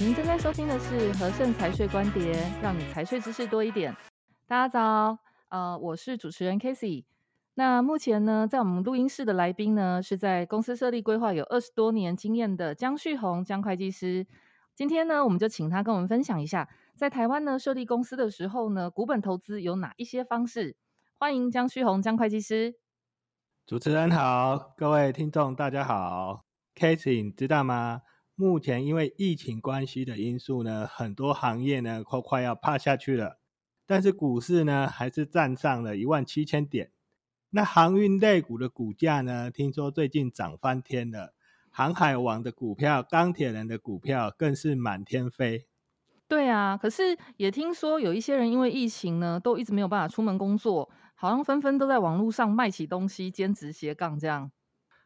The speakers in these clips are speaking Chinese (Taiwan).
您正在收聽的是荷盛財稅觀點，讓你財稅知識多一點。大家早，呃，我是主持人 Casey。那目前呢，在我們錄音室的來賓呢，是在公司設立規劃有二十多年經驗的江旭鴻江會計師。今天呢，我們就請他跟我們分享一下，在台灣呢設立公司的時候呢，股本投資有哪一些方式？歡迎江旭鴻江會計師。主持人好，各位聽眾大家好，Casey，你知道嗎？目前因為疫情關係的因素呢，很多行業呢快快要趴下去了，但是股市呢還是站上了一萬七千點。那航運類股的股價呢，聽說最近漲翻天了。航海王的股票、鋼鐵人的股票更是滿天飛。對啊，可是也聽說有一些人因為疫情呢，都一直沒有辦法出門工作，好像紛紛都在網絡上賣起東西，兼職斜槓這樣。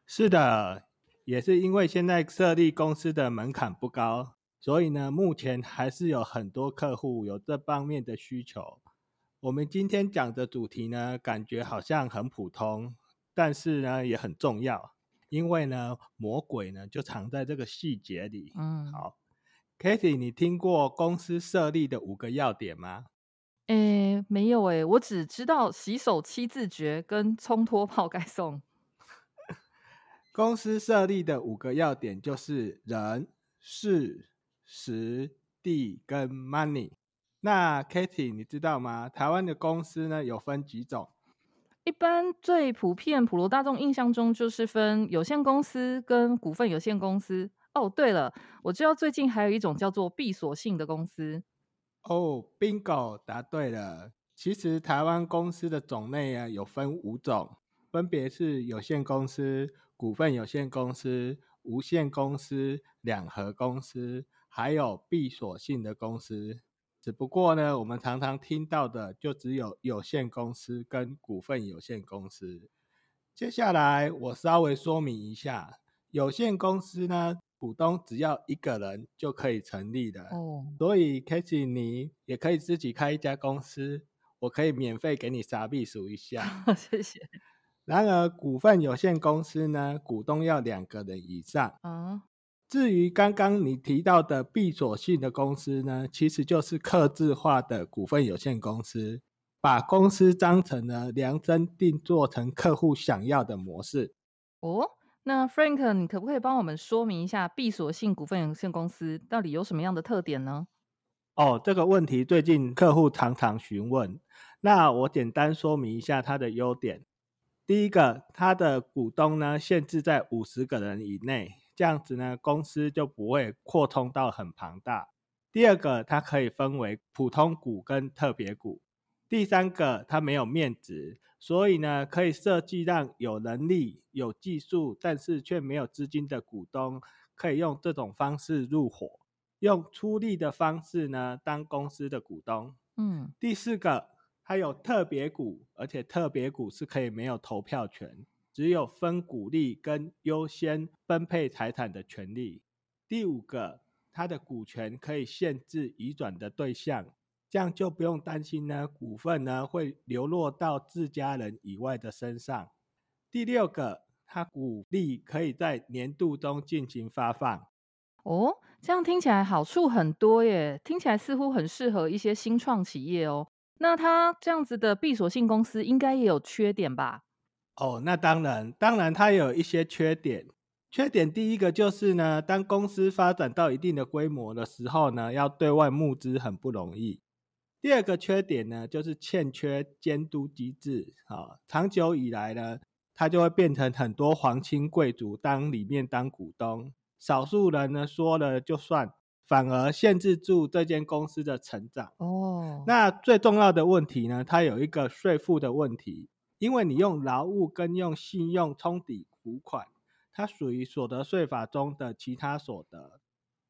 是的。也是因為現在設立公司的門檻不高，所以呢，目前還是有很多客戶有這方面的需求。我們今天講的主題呢，感覺好像很普通，但是呢，也很重要，因為呢，魔鬼呢就藏在這個細節裡。嗯，好，Katy，你聽過公司設立的五個要點嗎？誒，沒有誒，我只知道洗手七字訣跟沖脫泡蓋送。公司設立的五個要點就是人、事、時、地跟 money。那 Katie，你知道嗎？台灣的公司呢有分幾種？一般最普遍、普羅大眾印象中就是分有限公司跟股份有限公司。哦、oh,，對了，我知道最近還有一種叫做閉鎖性的公司。哦、oh,，Bingo，答對了。其實台灣公司的種類啊有分五種，分別是有限公司。股份有限公司、無限公司、兩合公司，還有閉鎖性的公司。只不過呢，我們常常聽到的就只有有限公司跟股份有限公司。接下來我稍微說明一下，有限公司呢，股東只要一個人就可以成立的。哦。所以 Katie，你也可以自己開一家公司，我可以免費給你查閉鎖一下。哦。謝謝。然而，股份有限公司呢，股東要兩個人以上。啊，至於剛剛你提到的閉鎖性的公司呢，其實就是客製化的股份有限公司，把公司章程呢量身定做成客戶想要的模式。哦，那 Frank，你可不可以幫我們說明一下閉鎖性股份有限公司到底有什麼樣的特點呢？哦，這個問題最近客戶常常詢問，那我簡單說明一下它的優點。第一個，它的股東呢限制在五十個人以內，這樣子呢公司就不會擴充到很龐大。第二個，它可以分為普通股跟特別股。第三個，它沒有面值，所以呢可以設計讓有能力、有技術但是卻沒有資金的股東，可以用這種方式入夥，用出力的方式呢當公司的股東。嗯。第四個。還有特別股，而且特別股是可以沒有投票權，只有分股利跟優先分配財產的權利。第五個，它的股權可以限制移轉的對象，這樣就不用擔心呢股份呢會流落到自家人以外的身上。第六個，它股利可以在年度中進行發放。哦，這樣聽起來好處很多耶，聽起來似乎很適合一些新創企業哦。那它這樣子的閉鎖性公司應該也有缺點吧？哦，那當然，當然它也有一些缺點。缺點第一個就是呢，當公司發展到一定的規模的時候呢，要對外募資很不容易。第二個缺點呢，就是欠缺監督機制啊，哦，長久以來呢，它就會變成很多皇親貴族當裡面當股東，少數人呢說了就算。反而限制住這間公司的成長。哦、oh.，那最重要的問題呢？它有一個稅負的問題，因為你用勞務跟用信用沖抵股款，它屬於所得稅法中的其他所得。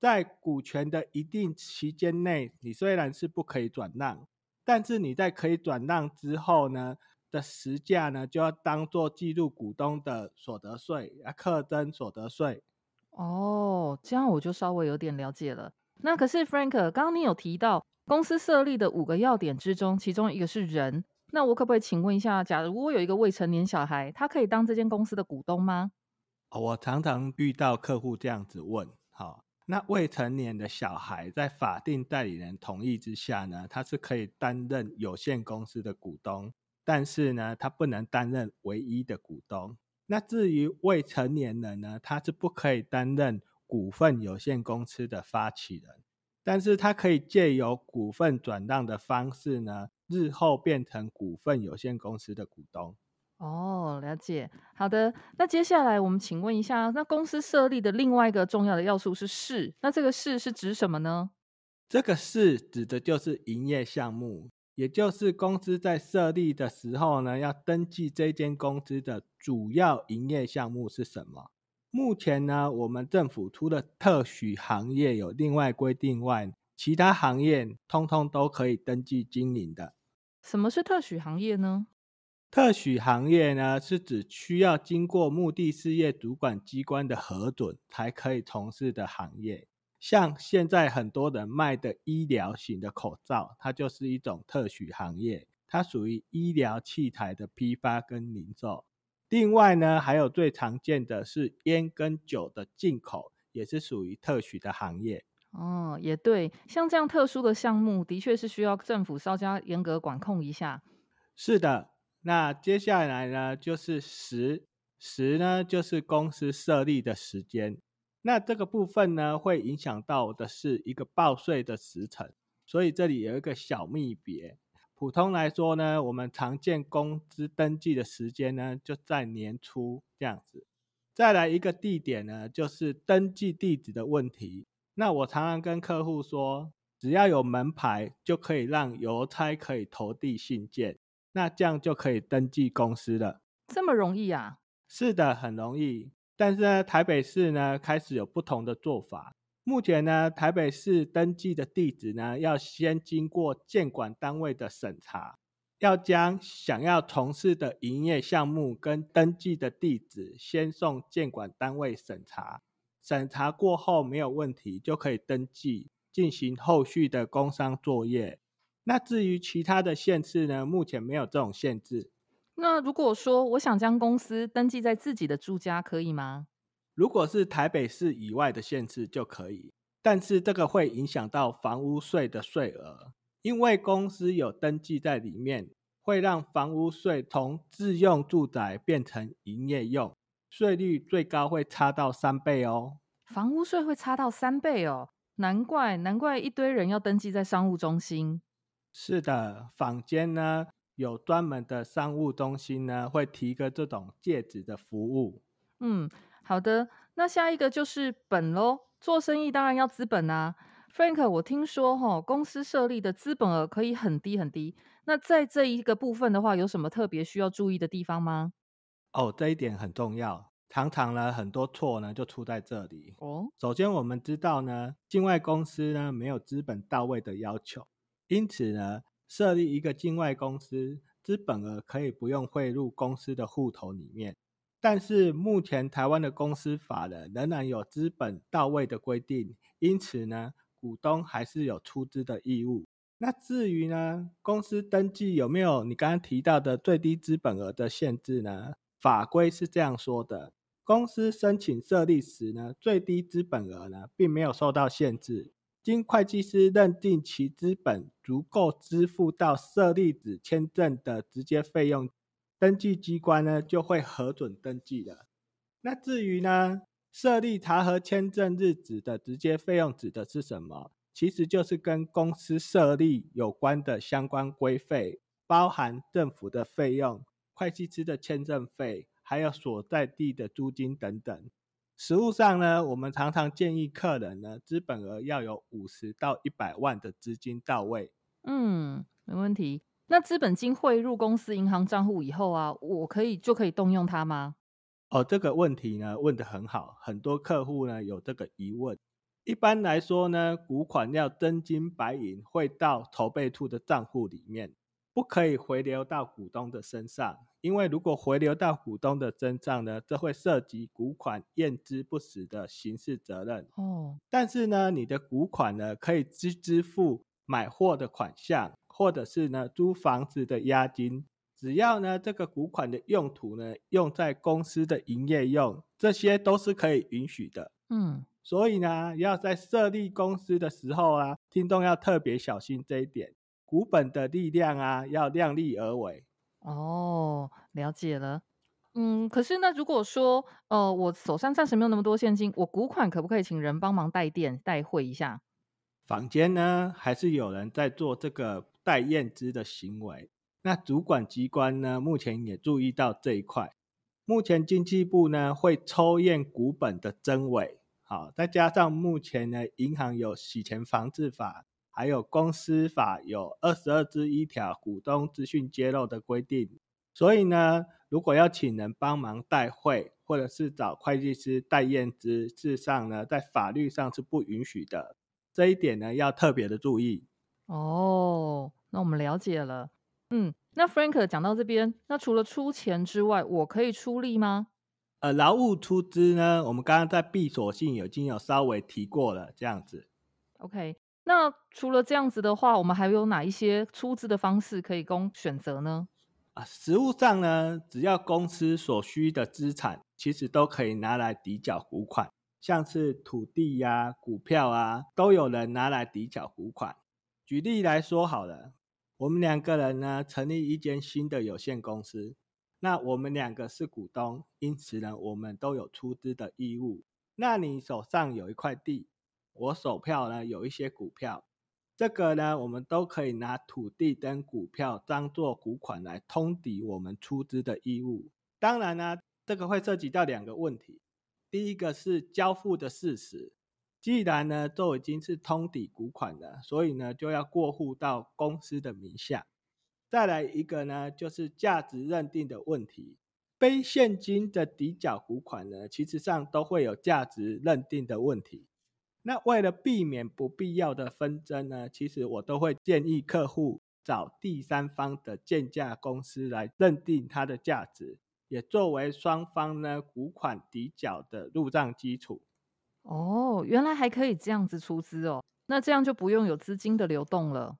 在股權的一定期間內，你雖然是不可以轉讓，但是你在可以轉讓之後呢的時價呢，就要當做計入股東的所得稅啊，課徵所得稅。哦，這樣我就稍微有點了解了。那可是 Frank，剛剛你有提到公司設立的五個要點之中，其中一個是人。那我可不可以請問一下，假如我有一個未成年小孩，他可以當這間公司的股東嗎？我常常遇到客戶這樣子問。好、哦，那未成年的小孩在法定代理人同意之下呢，他是可以擔任有限公司的股東，但是呢，他不能擔任唯一的股東。那至於未成年人呢，他是不可以擔任股份有限公司的發起人，但是他可以借由股份轉讓的方式呢，日後變成股份有限公司的股東。哦，了解。好的，那接下來我們請問一下，那公司設立的另外一個重要的要素是“事”。那這個“事”是指什麼呢？這個“事”指的就是營業項目。也就是公司在設立的時候呢，要登記這間公司的主要營業項目是什麼。目前呢，我們政府除了特許行業有另外規定外，其他行業通通都可以登記經營的。什麼是特許行業呢？特許行業呢，是指需要經過目的事業主管機關的核准，才可以從事的行業。像現在很多人賣的醫療型的口罩，它就是一種特許行業，它屬於醫療器材的批發跟零售。另外呢，還有最常見的是菸跟酒的進口，也是屬於特許的行業。哦，也對，像這樣特殊的項目，的確是需要政府稍加嚴格管控一下。是的，那接下來呢，就是時。時呢，就是公司設立的時間。那這個部分呢，會影響到的是一個報稅的時程，所以這裡有一個小秘別。普通來說呢，我們常見公司登記的時間呢，就在年初這樣子。再來一個地點呢，就是登記地址的問題。那我常常跟客戶說，只要有門牌，就可以讓郵差可以投遞信件，那這樣就可以登記公司了。這麼容易啊？是的，很容易。但是呢，台北市呢開始有不同的做法。目前呢，台北市登記的地址呢，要先經過建管單位的審查，要將想要從事的營業項目跟登記的地址先送建管單位審查，審查過後沒有問題就可以登記進行後續的工商作業。那至於其他的縣市呢，目前沒有這種限制。那如果說我想將公司登記在自己的住家，可以嗎？如果是台北市以外的縣市就可以，但是這個會影響到房屋稅的稅額，因為公司有登記在裡面，會讓房屋稅從自用住宅變成營業用，稅率最高會差到三倍哦。房屋稅會差到三倍哦，難怪難怪一堆人要登記在商務中心。是的，坊間呢，有專門的商務中心呢，會提供這種借址的服務。嗯，好的。那下一個就是本嘍，做生意當然要資本啊。Frank，我聽說、哦、公司設立的資本額可以很低很低。那在這一個部分的話，有什麼特別需要注意的地方嗎？哦，這一點很重要。常常呢，很多錯呢就出在這裡。哦，首先我們知道呢，境外公司呢，沒有資本到位的要求，因此呢。設立一個境外公司，資本額可以不用匯入公司的戶頭裡面，但是目前台灣的公司法呢，仍然有資本到位的規定，因此呢，股東還是有出資的義務。那至於呢，公司登記有沒有你剛剛提到的最低資本額的限制呢？法規是這樣說的：公司申請設立時呢，最低資本額呢，並沒有受到限制。經會計師認定其資本足夠支付到設立子簽證的直接費用，登記機關呢就會核准登記了。那至於呢，設立查核簽證日子的直接費用指的是什麼？其實就是跟公司設立有關的相關規費，包含政府的費用、會計師的簽證費，還有所在地的租金等等。實務上呢，我們常常建議客人呢，資本額要有五十到一百萬的資金到位。嗯，沒問題。那資本金匯入公司銀行賬戶以後啊，我可以就可以動用它嗎？哦，這個問題呢問得很好，很多客戶呢有這個疑問。一般來說呢，股款要真金白銀匯到籌備處的賬戶裡面，不可以回流到股東的身上。因為如果回流到股東的身上呢，這會涉及股款驗資不實的刑事責任。哦，但是呢，你的股款呢可以支支付買貨的款項，或者是呢租房子的押金，只要呢這個股款的用途呢用在公司的營業用，這些都是可以允許的。嗯，所以呢要在設立公司的時候啊，聽眾要特別小心這一點，股本的力量啊要量力而為。哦，了解了。嗯，可是那如果說，呃，我手上暫時沒有那麼多現金，我股款可不可以請人幫忙代墊、代匯一下？坊間呢，還是有人在做這個代驗資的行為。那主管機關呢，目前也注意到這一塊。目前經濟部呢，會抽驗股本的真偽，好，再加上目前呢，銀行有洗錢防治法。還有公司法有二十二之一條股東資訊揭露的規定，所以呢，如果要請人幫忙代會，或者是找會計師代驗資，事實上呢，在法律上是不允許的，這一點呢，要特別的注意。哦，那我們了解了。嗯，那 Frank 講到這邊，那除了出錢之外，我可以出力嗎？呃，勞務出資呢，我們剛剛在閉鎖性有，已經有稍微提過了，這樣子。OK。那除了這樣子的話，我們還有哪一些出資的方式可以供選擇呢？啊，實務上呢，只要公司所需的資產，其實都可以拿來抵繳股款，像是土地呀、啊、股票啊，都有人拿來抵繳股款。舉例來說好了，我們兩個人呢，成立一間新的有限公司，那我們兩個是股東，因此呢，我們都有出資的義務。那你手上有一塊地。我手票呢有一些股票，這個呢我們都可以拿土地跟股票當作股款來沖抵我們出資的義務。當然呢，啊，這個會涉及到兩個問題。第一個是交付的事實，既然呢都已經是沖抵股款了，所以呢就要過戶到公司的名下。再來一個呢就是價值認定的問題，非現金的抵繳股款呢，其實上都會有價值認定的問題。那為了避免不必要的紛爭呢，其實我都會建議客戶找第三方的鑑價公司來認定它的價值，也作為雙方呢股款抵繳的入賬基礎。哦，原來還可以這樣子出資哦，那這樣就不用有資金的流動了。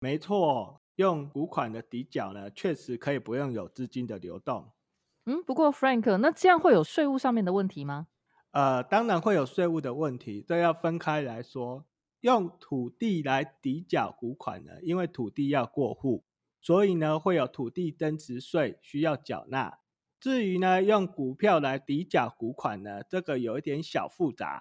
沒錯，用股款的抵繳呢，確實可以不用有資金的流動。嗯，不過 Frank，那這樣會有稅務上面的問題嗎？呃，當然會有稅務的問題，這要分開來說。用土地來抵繳股款呢，因為土地要過戶，所以呢會有土地增值稅需要繳納。至於呢用股票來抵繳股款呢，這個有一點小複雜。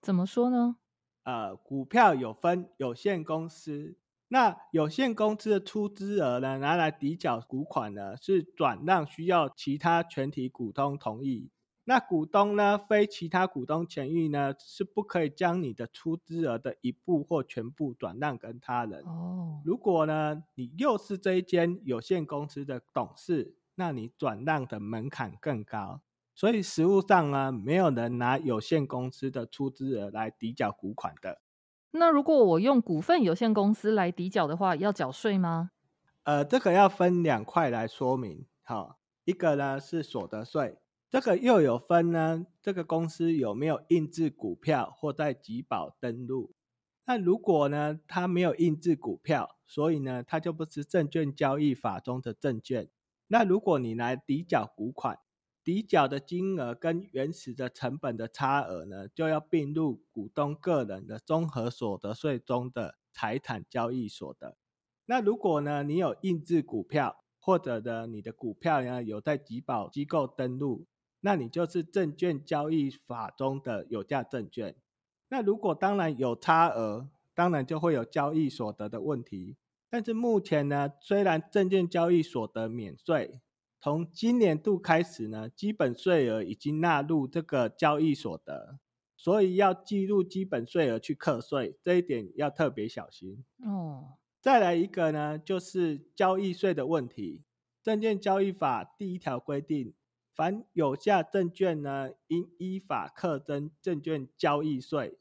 怎麼說呢？呃，股票有分有限公司，那有限公司的出資額呢，拿來抵繳股款呢，是轉讓需要其他全體股東同意。那股東呢？非其他股東權益呢，是不可以將你的出資額的一部或全部轉讓跟他人。哦，如果呢，你又是這一間有限公司的董事，那你轉讓的門檻更高。所以實務上呢，沒有人拿有限公司的出資額來抵繳股款的。那如果我用股份有限公司來抵繳的話，要繳稅嗎？呃，這個要分兩塊來說明。哦，一個呢是所得稅。這個又有分呢，這個公司有沒有印制股票或在集保登錄？那如果呢，它沒有印制股票，所以呢，它就不是證券交易法中的證券。那如果你來抵繳股款，抵繳的金額跟原始的成本的差額呢，就要併入股東個人的綜合所得稅中的財產交易所得。那如果呢，你有印制股票，或者呢，你的股票呢，有在集保機構登錄？那你就是證券交易法中的有價證券。那如果當然有差額，當然就會有交易所得的問題。但是目前呢，雖然證券交易所得免稅，從今年度開始呢，基本稅額已經納入這個交易所得，所以要記入基本稅額去課稅，這一點要特別小心。哦，再來一個呢，就是交易稅的問題。證券交易法第一條規定。凡有價證券呢，應依法課徵證券交易稅。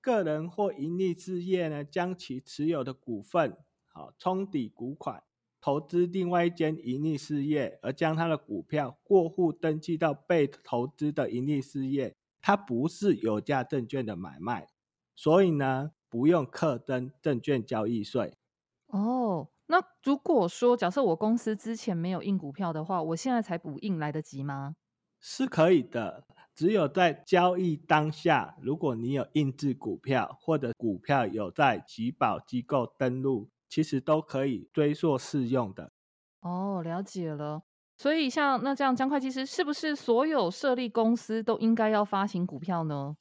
個人或營利事業呢，將其持有的股份好沖抵股款，投資另外一間營利事業，而將它的股票過戶登記到被投資的營利事業，它不是有價證券的買賣，所以呢，不用課徵證券交易稅。哦。那如果說假設我公司之前沒有印股票的話，我現在才補印來得及嗎？是可以的，只有在交易當下，如果你有印製股票或者股票有在集保機構登錄，其實都可以追溯適用的。哦，了解了。所以像那這樣，江會計師，是不是所有設立公司都應該要發行股票呢？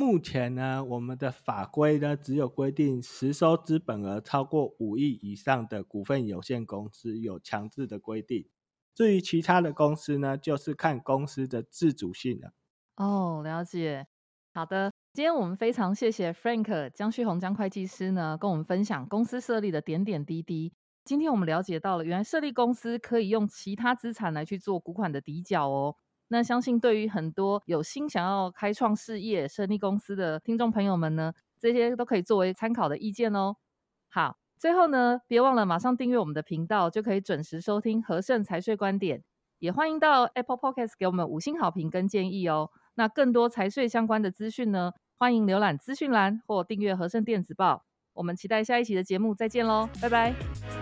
目前呢，我們的法規呢，只有規定實收資本額超過五億以上的股份有限公司有強制的規定。至於其他的公司呢，就是看公司的自主性了。哦，了解。好的，今天我們非常謝謝 Frank 江旭鴻江會計師呢，跟我們分享公司設立的點點滴滴。今天我們了解到了，原來設立公司可以用其他資產來去做股款的抵繳哦。那相信對於很多有心想要開創事業設立公司的聽眾朋友們呢，這些都可以作為參考的意見哦。好，最後呢，別忘了馬上訂閱我們的頻道，就可以準時收聽荷盛財稅觀點。也歡迎到 Apple Podcast 給我們五星好評跟建議哦。那更多財稅相關的資訊呢，歡迎瀏覽資訊欄或訂閱荷盛電子報。我們期待下一期的節目，再見嘍，拜拜。